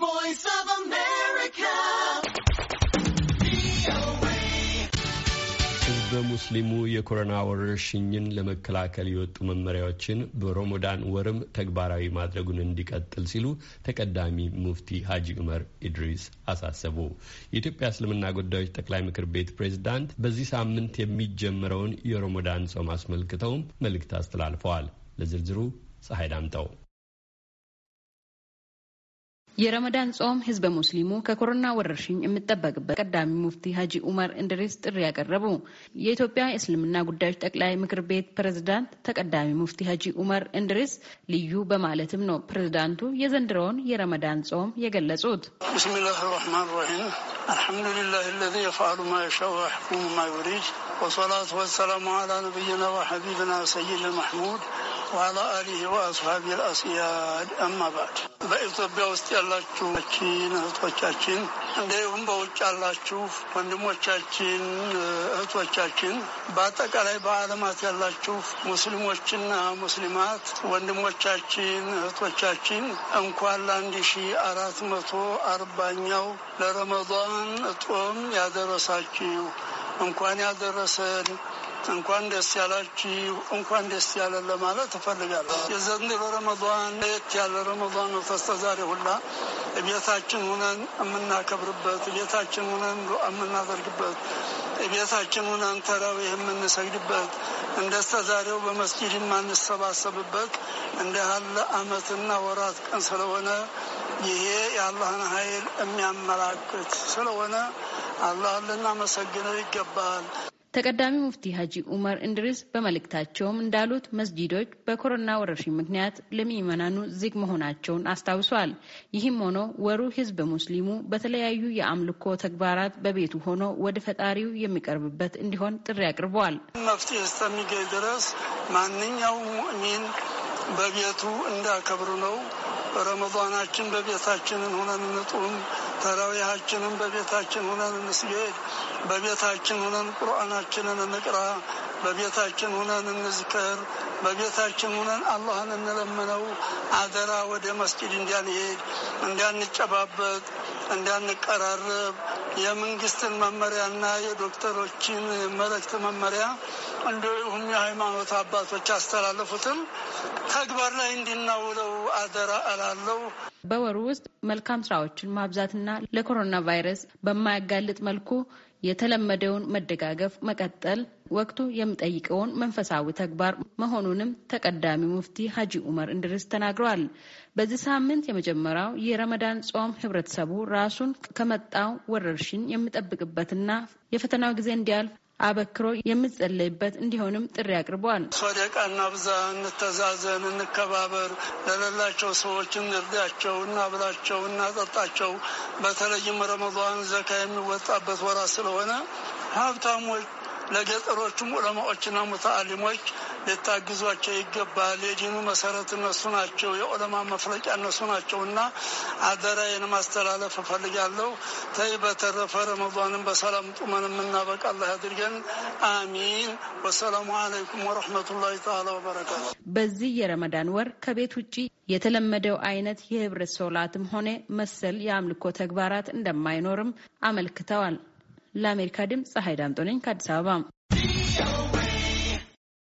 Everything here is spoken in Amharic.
ቮይስ ሙስሊሙ የኮሮና ወረርሽኝን ለመከላከል የወጡ መመሪያዎችን በሮሞዳን ወርም ተግባራዊ ማድረጉን እንዲቀጥል ሲሉ ተቀዳሚ ሙፍቲ ሀጂ ዑመር ኢድሪስ አሳሰቡ። የኢትዮጵያ እስልምና ጉዳዮች ጠቅላይ ምክር ቤት ፕሬዝዳንት በዚህ ሳምንት የሚጀምረውን የሮሞዳን ጾም አስመልክተውም መልእክት አስተላልፈዋል። ለዝርዝሩ ፀሐይ ዳምጠው የረመዳን ጾም ህዝበ ሙስሊሙ ከኮሮና ወረርሽኝ የሚጠበቅበት ቀዳሚ ሙፍቲ ሀጂ ኡመር እንድሪስ ጥሪ ያቀረቡ የኢትዮጵያ እስልምና ጉዳዮች ጠቅላይ ምክር ቤት ፕሬዝዳንት ተቀዳሚ ሙፍቲ ሀጂ ኡመር እንድሪስ ልዩ በማለትም ነው ፕሬዝዳንቱ የዘንድሮውን የረመዳን ጾም የገለጹት። ብስሚላህ ራህማን ራሂም አልሐምዱሊላህ ለዚ የፍአሉ ማ የሻ ወያሕኩሙ ማ ዩሪድ ወሰላቱ ወሰላሙ አላ ነቢይና ወሐቢብና ሰይድ ወአላ አሊሂ ወአስሃቢ ልአስያድ አማ በኢትዮጵያ ውስጥ ያላችሁ ችን እህቶቻችን፣ እንዲሁም በውጭ ያላችሁ ወንድሞቻችን እህቶቻችን፣ በአጠቃላይ በዓለማት ያላችሁ ሙስሊሞችና ሙስሊማት ወንድሞቻችን እህቶቻችን እንኳን ለአንድ ሺ አራት መቶ አርባኛው ለረመዳን ጾም ያደረሳችሁ እንኳን ያደረሰን እንኳን ደስ ያላችሁ እንኳን ደስ ያለ ለማለት እፈልጋለሁ። የዘንድሮ ረመዷን ለየት ያለ ረመዷን ነው። ተስተዛሬ ሁላ ቤታችን ሁነን የምናከብርበት ቤታችን ሁነን የምናደርግበት ቤታችን ሁነን ተራዊ የምንሰግድበት ዛሬው በመስጊድ የማንሰባሰብበት እንደ ያለ አመትና ወራት ቀን ስለሆነ ይሄ የአላህን ኃይል የሚያመላክት ስለሆነ አላህን ልናመሰግነው ይገባል። ተቀዳሚ ሙፍቲ ሀጂ ኡመር እንድሪስ በመልእክታቸውም እንዳሉት መስጂዶች በኮሮና ወረርሽኝ ምክንያት ለምዕመናኑ ዝግ መሆናቸውን አስታውሷል። ይህም ሆኖ ወሩ ህዝብ ሙስሊሙ በተለያዩ የአምልኮ ተግባራት በቤቱ ሆኖ ወደ ፈጣሪው የሚቀርብበት እንዲሆን ጥሪ አቅርበዋል። መፍትሄ እስከሚገኝ ድረስ ማንኛውም ሙእሚን በቤቱ እንዳከብሩ ነው። ረመዷናችን በቤታችንን ሆነን ንጡም ተራዊያችንን በቤታችን ሆነን እንስጌድ በቤታችን ሆነን ቁርአናችንን እንቅራ፣ በቤታችን ሆነን እንዝከር፣ በቤታችን ሆነን አላህን እንለምነው። አደራ ወደ መስጅድ እንዳንሄድ፣ እንዳንጨባበጥ፣ እንዳንቀራረብ የመንግስትን መመሪያና የዶክተሮችን መልእክት መመሪያ እንዲሁም የሃይማኖት አባቶች ያስተላለፉትን ተግባር ላይ እንዲናውለው አደራ እላለሁ። በወሩ ውስጥ መልካም ስራዎችን ማብዛትና ለኮሮና ቫይረስ በማያጋልጥ መልኩ የተለመደውን መደጋገፍ መቀጠል ወቅቱ የሚጠይቀውን መንፈሳዊ ተግባር መሆኑንም ተቀዳሚ ሙፍቲ ሀጂ ኡመር እንድርስ ተናግረዋል። በዚህ ሳምንት የመጀመሪያው የረመዳን ጾም ህብረተሰቡ ራሱን ከመጣው ወረርሽኝ የሚጠብቅበትና የፈተናው ጊዜ እንዲያልፍ አበክሮ የሚጸለይበት እንዲሆንም ጥሪ አቅርበዋል። ሶደቃ እናብዛ፣ እንተዛዘን፣ እንከባበር፣ ለሌላቸው ሰዎች እንርዳቸው፣ እናብላቸው፣ እናጠጣቸው። በተለይም ረመዷን ዘካ የሚወጣበት ወራ ስለሆነ ሀብታሞች ለገጠሮቹም ዑለማዎችና ሙተአሊሞች ሊታግዟቸው ይገባል። የዲኑ መሰረት እነሱ ናቸው። የዑለማ መፍለቂያ እነሱ ናቸው እና አደራዬን ማስተላለፍ እፈልጋለሁ። ተይ በተረፈ በሰላም ጡመን የምናበቃ አላህ አድርገን አሚን። ወሰላሙ አለይኩም ወረሕመቱላሂ ተዓላ ወበረካቱ። በዚህ የረመዳን ወር ከቤት ውጭ የተለመደው አይነት የህብረት ሶላትም ሆነ መሰል የአምልኮ ተግባራት እንደማይኖርም አመልክተዋል። ለአሜሪካ ድምፅ ፀሐይ ዳምጦ ነኝ ከአዲስ አበባ